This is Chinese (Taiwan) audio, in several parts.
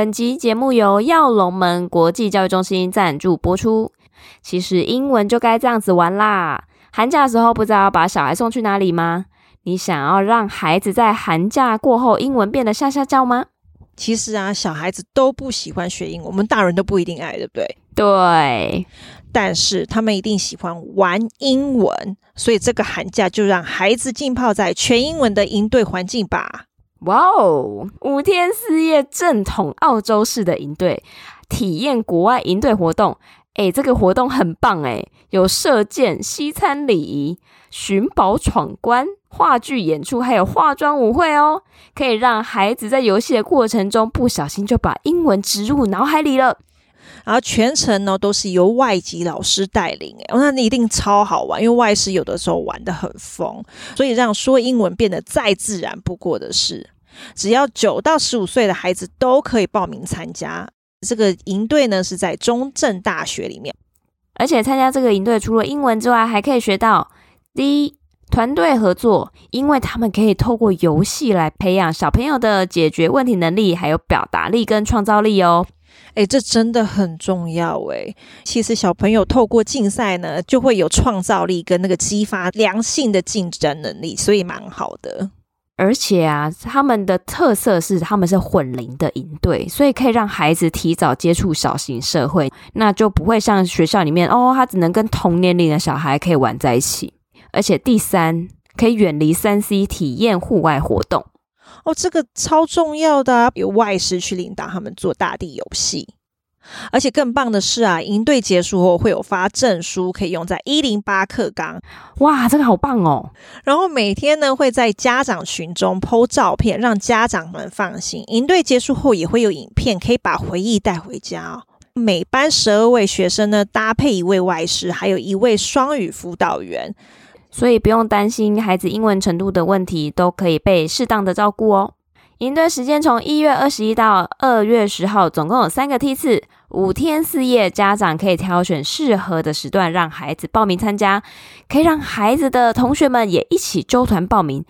本集節目由躍龍門國際教育中心贊助播出。其實英文就該這樣子玩啦。寒假的時候，不知道把小孩送去哪裡嗎？你想要讓孩子在寒假過後英文變得嚇嚇叫嗎？其實啊，小孩子都不喜歡學英文，我們大人都不一定愛，對不對？對。但是他們一定喜歡玩英文，所以這個寒假就讓孩子浸泡在全英文的應對環境吧。哇哦，五天四夜正統澳洲式的營隊，體驗國外營隊活動。誒，這個活動很棒誒，有射箭、西餐禮儀、尋寶闖關、話劇演出，還有化妝舞會哦，可以讓孩子在遊戲的過程中不小心就把英文植入腦海裡了。然後全程呢都是由外籍老師帶領，哎，那一定超好玩，因為外師有的時候玩得很瘋，所以讓說英文變得再自然不過的事。只要九到十五歲的孩子都可以報名參加這個營隊呢，是在中正大學裡面，而且參加這個營隊除了英文之外，還可以學到第一，團隊合作，因為他們可以透過遊戲來培養小朋友的解決問題能力，還有表達力跟創造力哦。哎、欸，這真的很重要哎。其實小朋友透過競賽呢，就會有創造力跟那個激發良性的競爭能力，所以蠻好的。而且啊，他們的特色是他們是混齡的營隊，所以可以讓孩子提早接觸小型社會，那就不會像學校裡面哦，他只能跟同年齡的小孩可以玩在一起。而且第三，可以遠離三 C，體驗戶外活動。哦，這個超重要的啊，有外師去領導他們做大地遊戲，而且更棒的是啊，營隊結束後會有發證書，可以用在一零八課綱，哇，這個好棒哦！然後每天呢會在家長群中 PO 照片，讓家長們放心。營隊結束後也會有影片，可以把回憶帶回家哦。每班十二位學生呢搭配一位外師，還有一位雙語輔導員。所以不用擔心孩子英文程度的問題，都可以被適當的照顧哦。營隊時間從一月二十一到二月十號，總共有三個梯次，五天四夜，家長可以挑選適合的時段讓孩子報名參加，可以讓孩子的同學們也一起周團報名，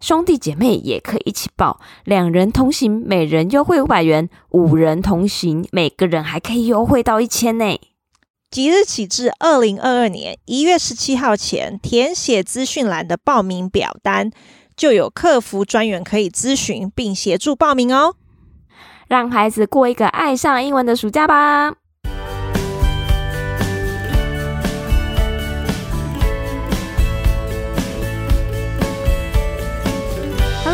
兄弟姐妹也可以一起報，兩人同行每人優惠五百元，五人同行每個人還可以優惠到一千呢。即日起至二零二二年一月十七號前，填寫資訊欄的報名表單，就有客服專員可以諮詢並協助報名哦。讓孩子過一個愛上英文的暑假吧。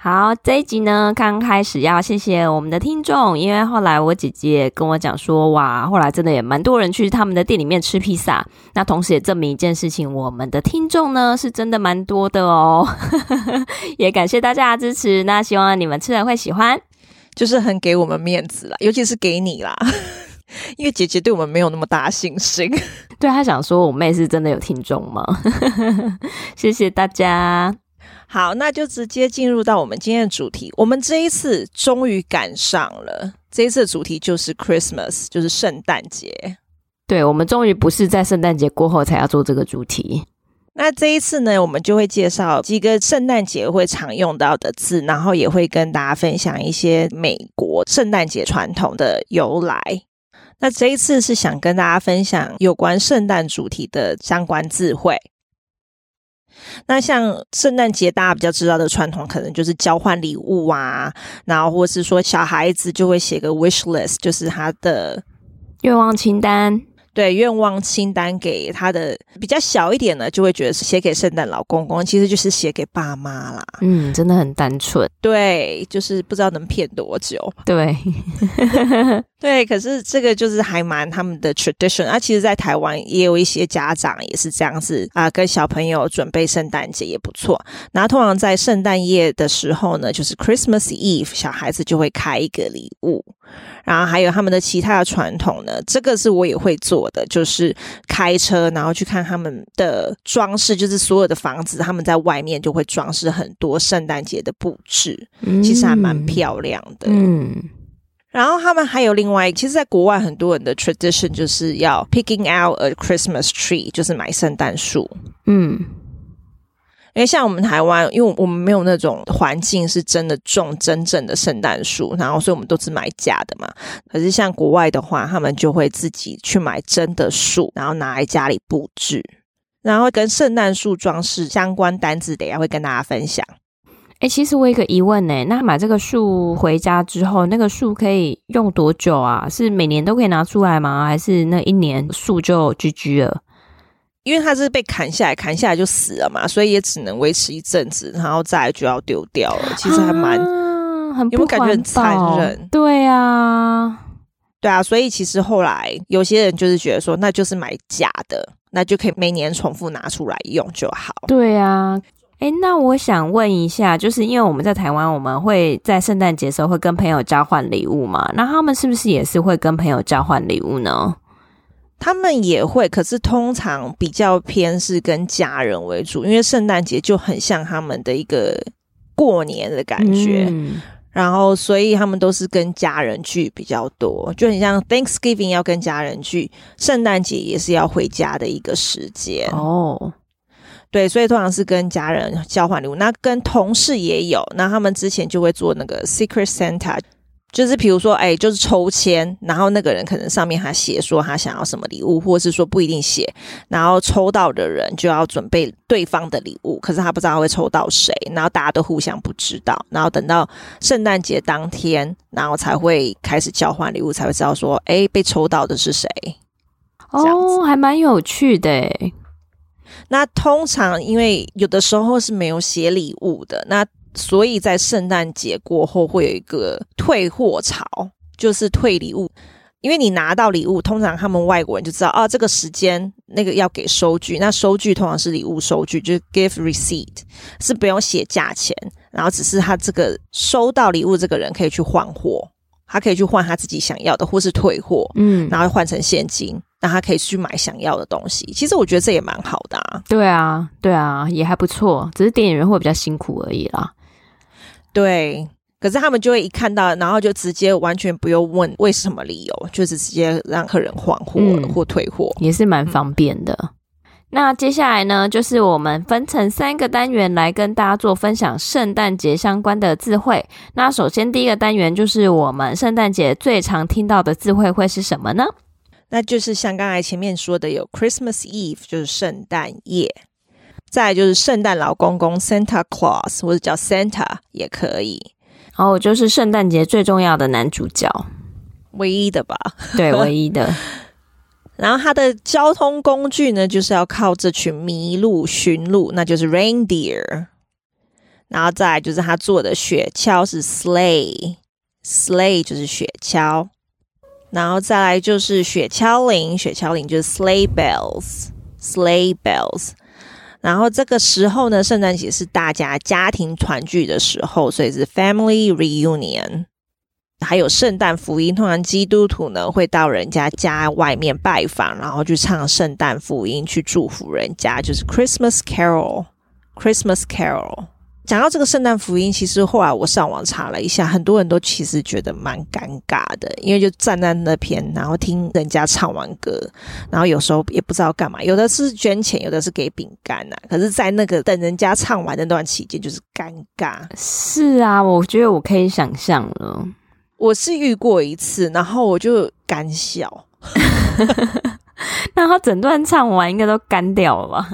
好，這一集呢，剛開始要謝謝我們的聽眾，因為後來我姐姐也跟我講說，哇，後來真的也蠻多人去他們的店裡面吃披薩，那同時也證明一件事情，我們的聽眾呢是真的蠻多的哦， 也感謝大家的支持，那希望你們吃了會喜歡，就是很給我們面子啦，尤其是給你啦， 因為姐姐對我們沒有那麼大信心，對她想說，我妹是真的有聽眾嗎？ 謝謝大家。好，那就直接進入到我們今天的主題。我們這一次終於趕上了，這一次的主題就是 Christmas，就是聖誕節。對，我們終於不是在聖誕節過後才要做這個主題。那這一次呢，我們就會介紹幾個聖誕節會常用到的字，然後也會跟大家分享一些美國聖誕節傳統的由來。那這一次是想跟大家分享有關聖誕主題的相關字彙。那像聖誕節大家比較知道的傳統，可能就是交換禮物啊，然後或是說小孩子就會寫個 wish list，就是他的願望清單。對，願望清單，給他的比較小一點呢，就會覺得是寫給聖誕老公公，其實就是寫給爸媽啦。嗯，真的很單純。對，就是不知道能騙多久。對， 對，可是這個就是還蠻他們的 tradition 啊。其實，在台灣也有一些家長也是這樣子啊，跟小朋友準備聖誕節也不錯。那通常在聖誕夜的時候呢，就是 Christmas Eve，小孩子就會開一個禮物。然後還有他們的其他的傳統呢，這個是我也會做的，就是開車然後去看他們的裝飾，就是所有的房子他們在外面就會裝飾很多聖誕節的布置，其實還蠻漂亮的嗯。嗯，然後他們還有另外，其實在國外很多人的 tradition 就是要 picking out a Christmas tree，就是買聖誕樹。嗯。因為像我們台灣，因為我們沒有那種環境是真的種真正的聖誕樹，然後所以我們都是買假的嘛。可是像國外的話，他們就會自己去買真的樹，然後拿來家裡佈置，然後跟聖誕樹裝飾相關單字，等下會跟大家分享。哎、欸，其實我有一個疑問呢、欸，那買這個樹回家之後，那個樹可以用多久啊？是每年都可以拿出來嗎？還是那一年樹就 GG 了？因為它是被砍下來，砍下來就死了嘛，所以也只能維持一陣子，然後再就要丟掉了。其實還蠻，啊、很不有沒有感覺很殘忍？對啊，對啊，所以其實後來有些人就是覺得說，那就是買假的，那就可以每年重複拿出來用就好。對啊，哎，那我想問一下，就是因為我們在台灣，我們會在聖誕節的時候會跟朋友交換禮物嘛，那他們是不是也是會跟朋友交換禮物呢？他們也會，可是通常比較偏是跟家人為主，因為聖誕節就很像他們的一個過年的感覺，嗯、然後所以他們都是跟家人聚比較多，就很像 Thanksgiving 要跟家人聚，聖誕節也是要回家的一個時間哦。對，所以通常是跟家人交換禮物，那跟同事也有，那他們之前就會做那個 Secret Santa 就是比如說，哎、欸，就是抽籤，然後那個人可能上面還寫說他想要什麼禮物，或者是說不一定寫，然後抽到的人就要準備對方的禮物，可是他不知道會抽到誰，然後大家都互相不知道，然後等到聖誕節當天，然後才會開始交換禮物，才會知道說，哎、欸，被抽到的是誰。哦，還蠻有趣的。那通常因為有的時候是沒有寫禮物的，那。所以在聖誕節過後會有一個退貨潮，就是退禮物，因為你拿到禮物，通常他們外國人就知道，啊，這個時間那個要給收據，那收據通常是禮物收據，就是 gift receipt，是不用寫價錢，然後只是他這個收到禮物這個人可以去換貨，他可以去換他自己想要的，或是退貨，嗯，然後換成現金，那他可以去買想要的東西。其實我覺得這也蠻好的，啊，對啊，對啊，也還不錯，只是店員會比較辛苦而已啦。對，可是他們就會一看到，然後就直接完全不用問為什麼理由，就是直接讓客人換貨、嗯、或退貨，也是蠻方便的、嗯。那接下來呢，就是我們分成三個單元來跟大家做分享，聖誕節相關的字彙。那首先第一個單元就是我們聖誕節最常聽到的字彙會是什麼呢？那就是像剛才前面說的，有 Christmas Eve，就是聖誕夜。再來就是聖誕老公公 Santa Claus，或者叫 Santa 也可以。然、哦、後就是聖誕節最重要的男主角，唯一的吧？對，唯一的。 然後他的交通工具呢，就是要靠這群麋鹿馴鹿，那就是 reindeer。然後再來就是他坐的雪橇是 sleigh，sleigh 就是雪橇。然後再來就是雪橇鈴，雪橇鈴就是 sleigh bells，sleigh bells。然後這個時候呢，聖誕節是大家家庭團聚的時候，所以是 family reunion。還有聖誕福音，通常基督徒呢會到人家家外面拜訪，然後去唱聖誕福音去祝福人家，就是 Christmas Carol，Christmas Carol。講到這個聖誕福音，其實後來我上網查了一下，很多人都其實覺得蠻尷尬的，因為就站在那邊，然後聽人家唱完歌，然後有時候也不知道幹嘛，有的是捐錢，有的是給餅乾吶、啊。可是，在那個等人家唱完那段期間，就是尷尬。是啊，我覺得我可以想象了。我是遇過一次，然後我就乾笑。那 他 整段唱完，應該都乾掉了吧？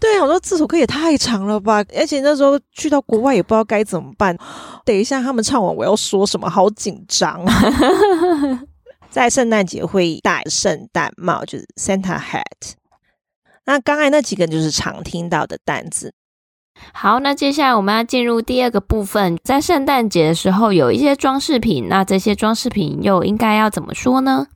對，我說這首歌也太長了吧！而且那時候去到國外也不知道該怎麼辦。等一下他們唱完我要說什麼，好緊張啊！ 在聖誕節會戴聖誕帽，就是 Santa Hat。那剛才那幾個人就是常聽到的單詞。好，那接下來我們要進入第二個部分，在聖誕節的時候有一些裝飾品，那這些裝飾品又應該要怎麼說呢？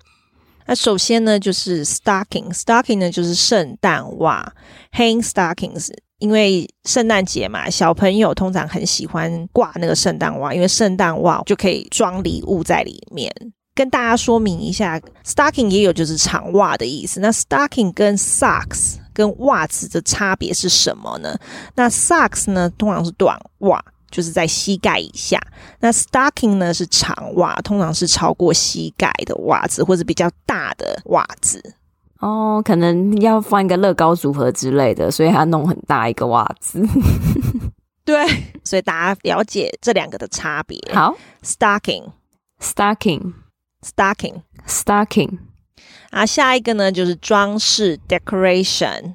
那、啊、首先呢，就是 stocking。stocking 呢就是聖誕襪，hang stockings。因為聖誕節嘛，小朋友通常很喜歡掛那個聖誕襪，因為聖誕襪就可以裝禮物在裡面。跟大家說明一下，stocking 也有就是長襪的意思。那 stocking 跟 socks 跟襪子的差別是什麼呢？那 socks 呢通常是短襪。就是在膝蓋以下。那 stocking 呢是長襪，通常是超過膝蓋的襪子，或者比較大的襪子。哦，可能要放一個樂高組合之類的，所以他弄很大一個襪子。 對，所以大家了解這兩個的差別。好，stocking，stocking，stocking，stocking。啊，stocking、下一個呢就是裝飾 decoration。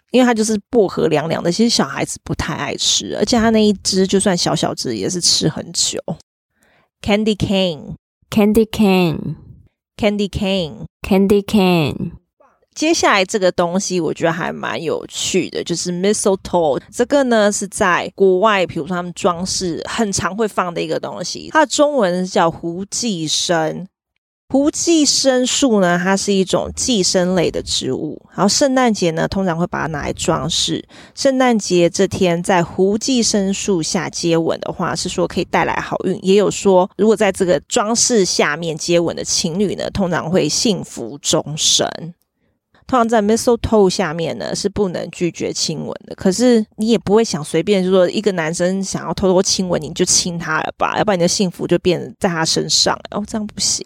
因為它就是薄荷涼涼的，其實小孩子不太愛吃，而且它那一隻就算小小隻也是吃很久。Candy cane，candy cane，candy cane，candy cane。接下來這個東西我覺得還蠻有趣的，就是 Mistletoe。這個呢是在國外，比如說他們裝飾很常會放的一個東西，它的中文是叫槲寄生。槲寄生樹呢，它是一種寄生類的植物。然後聖誕節呢，通常會把它拿來裝飾。聖誕節這天在槲寄生樹下接吻的話，是說可以帶來好運。也有說，如果在這個裝飾下面接吻的情侶呢，通常會幸福終生。通常在 mistletoe 下面呢，是不能拒絕親吻的。可是你也不會想隨便就是說一個男生想要偷偷親吻你就親他了吧，要不然你的幸福就變在他身上。哦，這樣不行。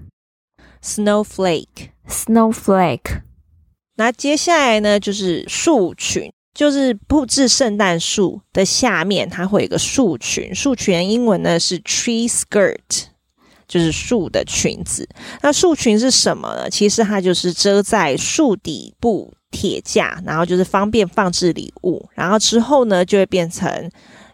Snowflake, snowflake。那接下來呢，就是樹裙，就是布置聖誕樹的下面，它會有一個樹裙。樹裙英文呢是 tree skirt，就是樹的裙子。那樹裙是什麼呢？其實它就是遮在樹底部鐵架，然後就是方便放置禮物。然後之後呢，就會變成。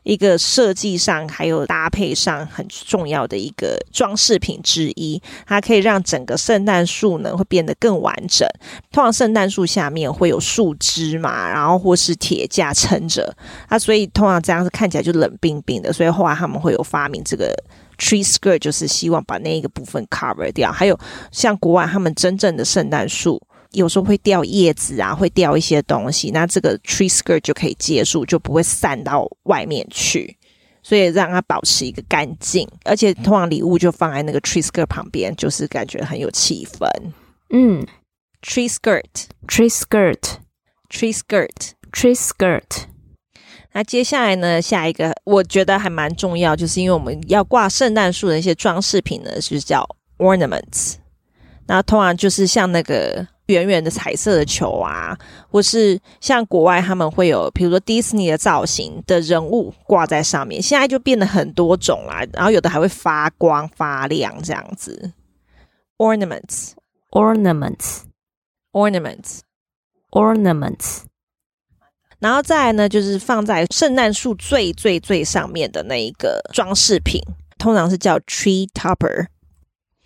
一個設計上還有搭配上很重要的一個裝飾品之一，它可以讓整個聖誕樹呢會變得更完整。通常聖誕樹下面會有樹枝嘛，然後或是鐵架撐着啊，所以通常這樣子看起來就冷冰冰的。所以後來他們會有發明這個 tree skirt，就是希望把那一個部分 cover 掉。還有像國外他們真正的聖誕樹，有時候會掉葉子啊，會掉一些東西，那這個 tree skirt 就可以接住，就不會散到外面去，所以讓它保持一個乾淨。而且通常禮物就放在那個 tree skirt 旁邊，就是感覺很有氣氛。嗯，tree skirt，tree skirt，tree skirt，tree skirt。那、啊、接下來呢？下一個我覺得還蠻重要，就是因為我們要掛聖誕樹的一些裝飾品呢，就是叫 ornaments。那通常就是像那個。圓圓的、彩色的球啊，或是像國外他們會有，比如說迪士尼的造型的人物掛在上面，現在就變得很多種啦。然後有的還會發光發亮這樣子。ornaments, ornaments, ornaments, ornaments, ornaments。然後再來呢，就是放在聖誕樹最最最最上面的那一個裝飾品，通常是叫 tree topper。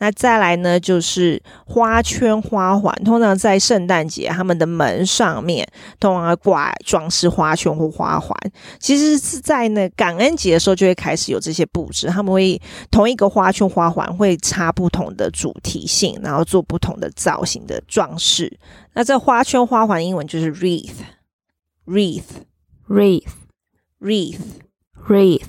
那再來呢，就是花圈花環，通常在聖誕節他們的門上面，通常會掛裝飾花圈或花環。其實是在那感恩節的時候就會開始有這些布置，他們會同一個花圈花環會插不同的主題性，然後做不同的造型的裝飾。那這花圈花環的英文就是 wreath，wreath，wreath，wreath，wreath，wreath。Wreath, wreath, wreath, wreath.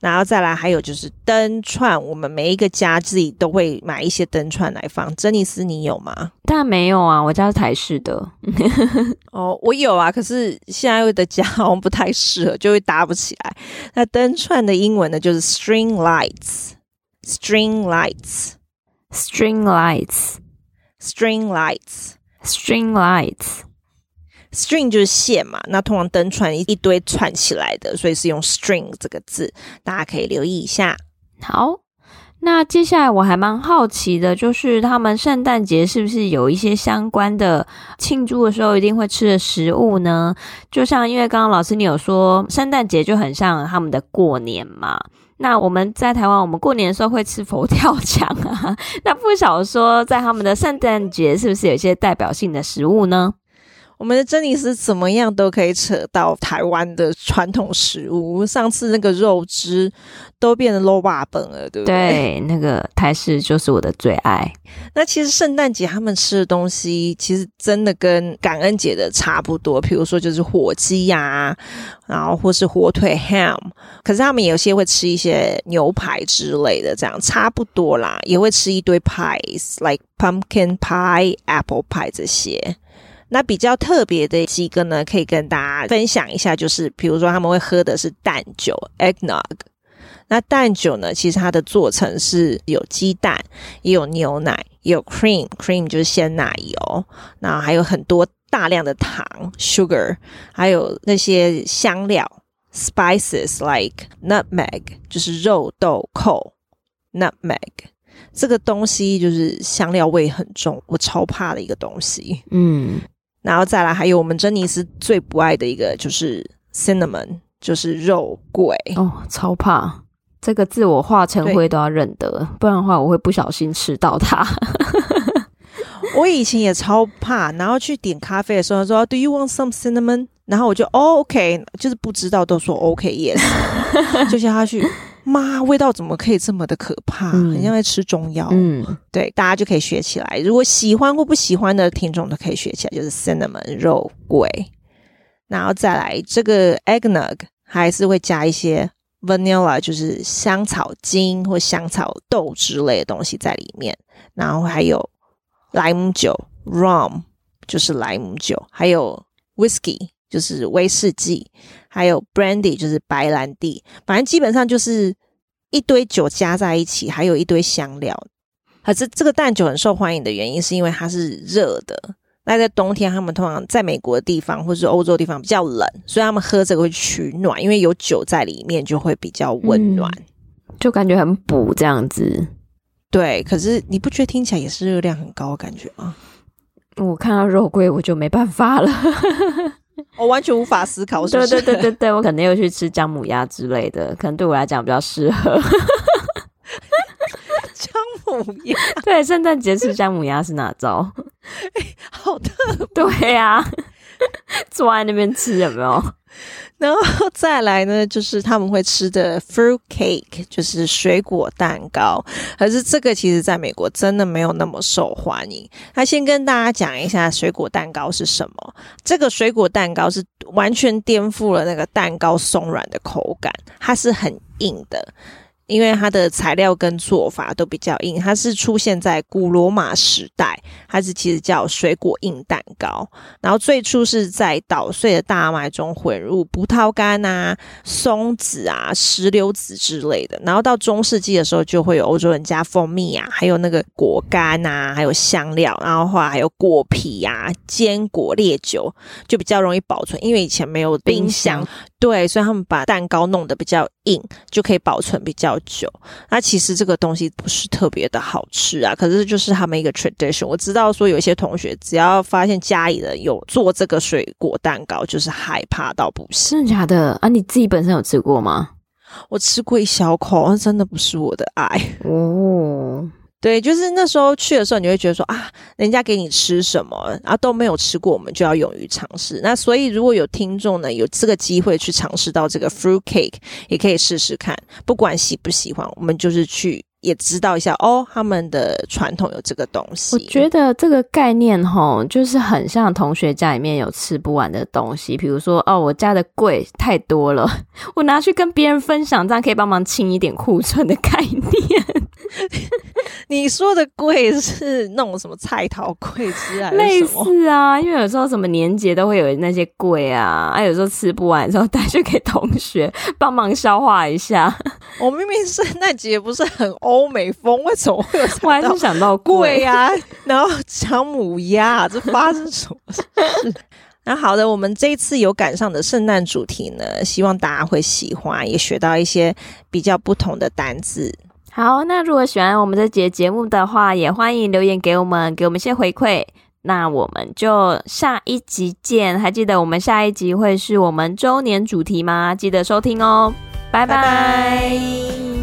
然後再來，還有就是燈串，我們每一個家自己都會買一些燈串來放。珍妮斯，你有嗎？當然沒有啊，我家是台式的。 哦，我有啊，可是現在我的家好像不太適合，就會搭不起來。那燈串的英文呢，就是 string lights，string lights，string lights，string lights，string lights。Lights，String 就是線嘛，那通常燈串一,一堆串起來的，所以是用 string 這個字，大家可以留意一下。好，那接下來我還蠻好奇的，就是他們聖誕節是不是有一些相關的慶祝的時候一定會吃的食物呢？就像因為剛剛老師你有說聖誕節就很像他們的過年嘛，那我們在台灣我們過年的時候會吃佛跳牆啊，那不曉得說在他們的聖誕節是不是有一些代表性的食物呢？我們的珍妮斯怎麼樣都可以扯到台灣的傳統食物。上次那個肉汁都變得 low bar 本了，對不對？對，那個台式就是我的最愛。 那其實聖誕節他們吃的東西其實真的跟感恩節的差不多，比如說就是火雞啊，然後或是火腿 ham，可是他們有些會吃一些牛排之類的，這樣差不多啦。也會吃一堆派，like pumpkin pie、apple pie 這些。那比較特別的幾個呢，可以跟大家分享一下，就是比如說他們會喝的是蛋酒 （eggnog）。那蛋酒呢，其實它的做成是有雞蛋，也有牛奶，也有 cream（cream cream 就是鮮奶油），然後還有很多大量的糖 （sugar），還有那些香料 （spices like nutmeg），就是肉豆蔻 （nutmeg）。這個東西就是香料味很重，我超怕的一個東西。嗯。然後再來，還有我們珍妮斯最不愛的一個就是 cinnamon，就是肉桂哦，超怕這個字，我化成灰都要認得，不然的話我會不小心吃到它。 我以前也超怕，然後去點咖啡的時候說，Do you want some cinnamon？然後我就哦、oh,，OK，就是不知道都說 OK，Yes，、okay, 就像他去。媽，味道怎麼可以這麼的可怕？嗯，很像在吃中藥。嗯，對，大家就可以學起來。如果喜歡或不喜歡的聽眾都可以學起來，就是 cinnamon 肉桂，然後再來這個 eggnog，還是會加一些 vanilla，就是香草精或香草豆之類的東西在裡面，然後還有萊姆酒 rum，就是萊姆酒，還有 whiskey。就是威士忌，還有 brandy，就是白蘭地，反正基本上就是一堆酒加在一起，還有一堆香料。可是這個蛋酒很受歡迎的原因，是因為它是熱的。那在冬天，他們通常在美國的地方或是歐洲的地方比較冷，所以他們喝這個會取暖，因為有酒在裡面就會比較溫暖。嗯，就感覺很補這樣子。對，可是你不覺得聽起來也是熱量很高的感覺嗎？我看到肉桂我就沒辦法了。 我、哦、完全無法思考是不是。對對對對對，我肯定又去吃薑母鴨之類的，可能對我來講比較適合。薑 母鴨，對，聖誕節吃薑母鴨是哪招？哎、欸，好特別。對呀、啊，坐在那邊吃有沒有？ 然後再來呢，就是他們會吃的 fruit cake，就是水果蛋糕。可是這個其實在美國真的沒有那麼受歡迎。那先跟大家講一下水果蛋糕是什麼。這個水果蛋糕是完全顛覆了那個蛋糕鬆軟的口感，它是很硬的。因為它的材料跟做法都比較硬，它是出現在古羅馬時代，它是其實叫水果硬蛋糕。然後最初是在搗碎的大麥中混入葡萄乾啊、松子啊、石榴籽之類的。然後到中世紀的時候，就會有歐洲人加蜂蜜啊，還有那個果乾啊，還有香料，然後話還有果皮啊、堅果、烈酒，就比較容易保存，因為以前沒有冰箱。冰箱對，所以他們把蛋糕弄得比較硬，就可以保存比較久。那其實這個東西不是特別的好吃啊，可是就是他們一個 tradition。我知道說有一些同學，只要發現家裡人有做這個水果蛋糕，就是害怕到不行。真的假的啊？你自己本身有吃過嗎？我吃過一小口，那真的不是我的愛哦。對，就是那時候去的時候，你就會覺得說啊，人家給你吃什麼啊都沒有吃過，我們就要勇於嘗試。那所以如果有聽眾呢，有這個機會去嘗試到這個 fruit cake，也可以試試看，不管喜不喜歡，我們就是去也知道一下哦，他們的傳統有這個東西。我覺得這個概念哈，就是很像同學家裡面有吃不完的東西，比如說哦，我家的櫃太多了，我拿去跟別人分享，這樣可以幫忙清一點庫存的概念。 你說的“貴”是那種什麼菜頭貴之類是類似啊？因為有時候什麼年節都會有那些貴啊，啊，有時候吃不完，時候帶去給同學幫忙消化一下。我、哦、明明聖誕節不是很歐美風，為什麼會有突然想到貴呀、啊？貴啊、 然後講母鴨，這發生什麼事？ 那好的，我們這一次有趕上的聖誕主題呢，希望大家會喜歡，也學到一些比較不同的單字。好，那如果喜歡我們這節節目的話，也歡迎留言給我們，給我們一些回饋。那我們就下一集見，還記得我們下一集會是我們周年主題嗎？記得收聽哦、喔，拜拜。Bye bye。